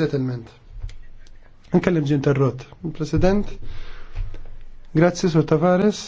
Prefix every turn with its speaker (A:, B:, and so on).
A: settlement. Nkellem ġinterrot. tarrot. President, grazzi Sur Tavares.